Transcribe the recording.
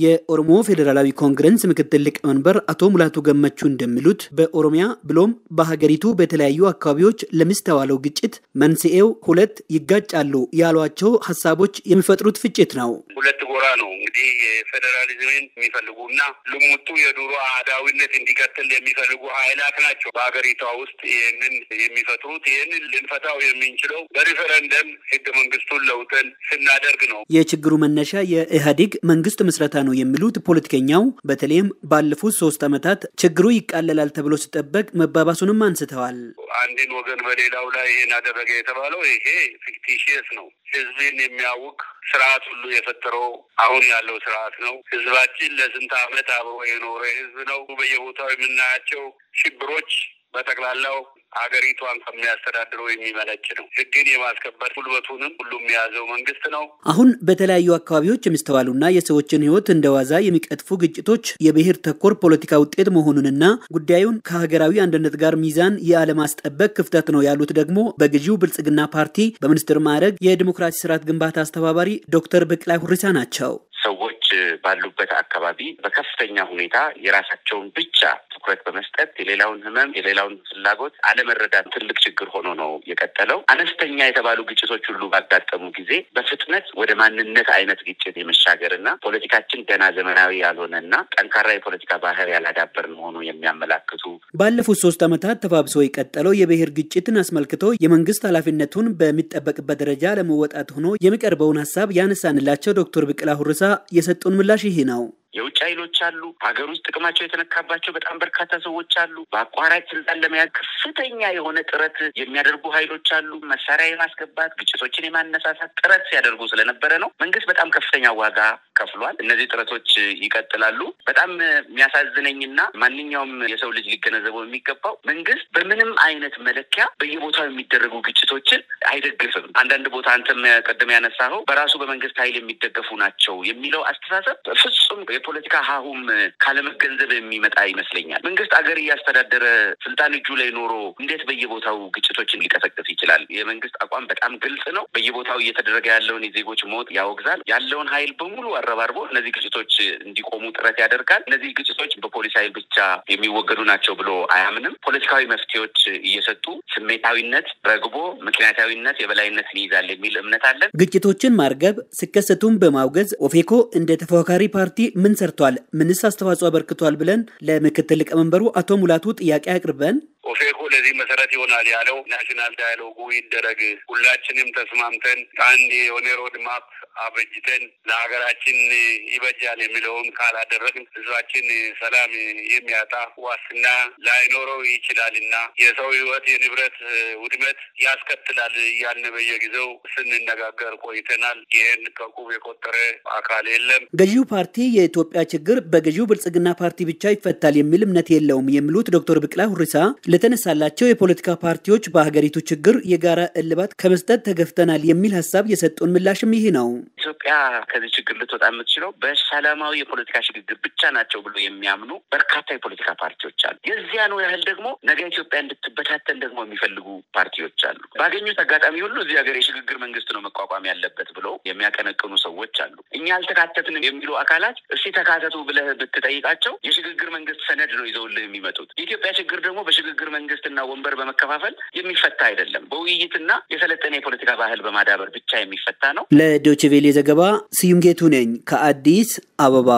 የኦሮሞ ፌዴራላዊ ኮንግረንስ ምክትል ሊቀመንበር አቶ ሙላቱ ገመቹ እንደሚሉት በኦሮሚያ ብሎም በሀገሪቱ በተለያዩ አካባቢዎች ለሚስተዋለው ግጭት መንስኤው ሁለት ይጋጫሉ ያሏቸው ሀሳቦች የሚፈጥሩት ፍጭት ነው። ሁለት ጎራ ነው እንግዲህ የፌዴራሊዝምን የሚፈልጉና ልሙጡ የዱሮ አዳዊነት እንዲቀጥል የሚፈልጉ ኃይላት ናቸው በሀገሪቷ ውስጥ ይህንን የሚፈጥሩት። ይህንን ልንፈታው የምንችለው በሪፈረንደም ህገ መንግስቱን ለውጠን ስናደርግ ነው። የችግሩ መነሻ የኢህአዴግ መንግስት ምስረታ ነው የሚሉት ፖለቲከኛው፣ በተለይም ባለፉት ሶስት ዓመታት ችግሩ ይቃለላል ተብሎ ሲጠበቅ መባባሱንም አንስተዋል። አንድን ወገን በሌላው ላይ ይሄን አደረገ የተባለው ይሄ ፊክቲሽየስ ነው። ህዝብን የሚያውቅ ስርዓት ሁሉ የፈጠረው አሁን ያለው ስርዓት ነው። ህዝባችን ለስንት ዓመት አብሮ የኖረ ህዝብ ነው። በየቦታው የምናያቸው ሽብሮች በጠቅላላው አገሪቷን ከሚያስተዳድረው የሚመነጭ ነው። ህግን የማስከበር ጉልበቱንም ሁሉም የያዘው መንግስት ነው። አሁን በተለያዩ አካባቢዎች የሚስተዋሉና የሰዎችን ህይወት እንደ ዋዛ የሚቀጥፉ ግጭቶች የብሔር ተኮር ፖለቲካ ውጤት መሆኑንና ጉዳዩን ከሀገራዊ አንድነት ጋር ሚዛን የአለማስጠበቅ ክፍተት ነው ያሉት ደግሞ በገዢው ብልጽግና ፓርቲ በሚኒስትር ማዕረግ የዲሞክራሲ ስርዓት ግንባታ አስተባባሪ ዶክተር ብቅላይ ሁሪሳ ናቸው። ሰዎች ባሉበት አካባቢ በከፍተኛ ሁኔታ የራሳቸውን ብቻ ትኩረት በመስጠት የሌላውን ህመም የሌላውን ፍላጎት አለመረዳት ትልቅ ችግር ሆኖ ነው የቀጠለው። አነስተኛ የተባሉ ግጭቶች ሁሉ ባጋጠሙ ጊዜ በፍጥነት ወደ ማንነት አይነት ግጭት የመሻገር እና ፖለቲካችን ገና ዘመናዊ ያልሆነ እና ጠንካራ የፖለቲካ ባህል ያላዳበር መሆኑ የሚያመላክቱ ባለፉት ሶስት ዓመታት ተባብሶ የቀጠለው የብሔር ግጭትን አስመልክቶ የመንግስት ኃላፊነቱን በሚጠበቅበት ደረጃ ለመወጣት ሆኖ የሚቀርበውን ሀሳብ ያነሳንላቸው ዶክተር ብቅላ ሁርሳ የሰጡን ምላሽ ይሄ ነው። የውጭ ኃይሎች አሉ። ሀገር ውስጥ ጥቅማቸው የተነካባቸው በጣም በርካታ ሰዎች አሉ። በአቋራጭ ስልጣን ለመያዝ ከፍተኛ የሆነ ጥረት የሚያደርጉ ኃይሎች አሉ። መሳሪያ የማስገባት ግጭቶችን የማነሳሳት ጥረት ሲያደርጉ ስለነበረ ነው። መንግስት በጣም ከፍተኛ ዋጋ ከፍሏል። እነዚህ ጥረቶች ይቀጥላሉ። በጣም የሚያሳዝነኝና ማንኛውም የሰው ልጅ ሊገነዘበው የሚገባው መንግስት በምንም አይነት መለኪያ በየቦታው የሚደረጉ ግጭቶችን አይደግፍም። አንዳንድ ቦታ አንተም ቅድም ያነሳኸው በራሱ በመንግስት ኃይል የሚደገፉ ናቸው የሚለው አስተሳሰብ ፍጹም የፖለቲካ ሀሁም ካለመገንዘብ የሚመጣ ይመስለኛል። መንግስት አገር እያስተዳደረ ስልጣን እጁ ላይ ኖሮ እንዴት በየቦታው ግጭቶችን ሊቀሰቅስ ይችላል? የመንግስት አቋም በጣም ግልጽ ነው። በየቦታው እየተደረገ ያለውን የዜጎች ሞት ያወግዛል። ያለውን ኃይል በሙሉ አረባርቦ እነዚህ ግጭቶች እንዲቆሙ ጥረት ያደርጋል። እነዚህ ግጭቶች በፖሊስ ኃይል ብቻ የሚወገዱ ናቸው ብሎ አያምንም። ፖለቲካዊ መፍትሄዎች እየሰጡ ስሜታዊነት ረግቦ ምክንያታዊነት የበላይነትን ይይዛል የሚል እምነት አለን። ግጭቶችን ማርገብ ሲከሰቱም በማውገዝ ኦፌኮ እንደ ተፎካካሪ ፓርቲ ምን ምን ሰርቷል፣ ምንስ አስተዋጽኦ አበርክቷል ብለን ለምክትል ሊቀመንበሩ አቶ ሙላቱ ጥያቄ አቅርበን ኦፌኮ ለዚህ መሰረት ይሆናል ያለው ናሽናል ዳያሎጉ ይደረግ፣ ሁላችንም ተስማምተን አንድ የሆነ ሮድ ማፕ አበጅተን ለሀገራችን ይበጃል የሚለውን ካላደረግን ህዝባችን ሰላም የሚያጣ ዋስትና ላይኖረው ይችላልና የሰው ህይወት የንብረት ውድመት ያስከትላል እያልን በየጊዜው ስንነጋገር ቆይተናል። ይህን ከቁብ የቆጠረ አካል የለም። ገዢው ፓርቲ የኢትዮጵያ ችግር በገዢው ብልጽግና ፓርቲ ብቻ ይፈታል የሚል እምነት የለውም የሚሉት ዶክተር ብቅላ ሁሪሳ ለተነሳላቸው የፖለቲካ ፓርቲዎች በሀገሪቱ ችግር የጋራ እልባት ከመስጠት ተገፍተናል የሚል ሀሳብ የሰጡን ምላሽም ይህ ነው። ኢትዮጵያ ከዚህ ችግር ልትወጣ የምትችለው በሰላማዊ የፖለቲካ ሽግግር ብቻ ናቸው ብሎ የሚያምኑ በርካታ የፖለቲካ ፓርቲዎች አሉ። የዚያኑ ያህል ደግሞ ነገ ኢትዮጵያ እንድትበታተን ደግሞ የሚፈልጉ ፓርቲዎች አሉ። ባገኙት አጋጣሚ ሁሉ እዚህ ሀገር የሽግግር መንግስት ነው መቋቋም ያለበት ብለው የሚያቀነቅኑ ሰዎች አሉ። እኛ አልተካተትንም የሚሉ አካላት እስኪ ተካተቱ ብለህ ብትጠይቃቸው የሽግግር መንግስት ሰነድ ነው ይዘውልህ የሚመጡት። የኢትዮጵያ ችግር ደግሞ በሽግግር መንግስትና ወንበር በመከፋፈል የሚፈታ አይደለም። በውይይትና የሰለጠነ የፖለቲካ ባህል በማዳበር ብቻ የሚፈታ ነው። ለዶችቬሌ ዘገባ ገባ ስዩም ጌቱ ነኝ ከአዲስ አበባ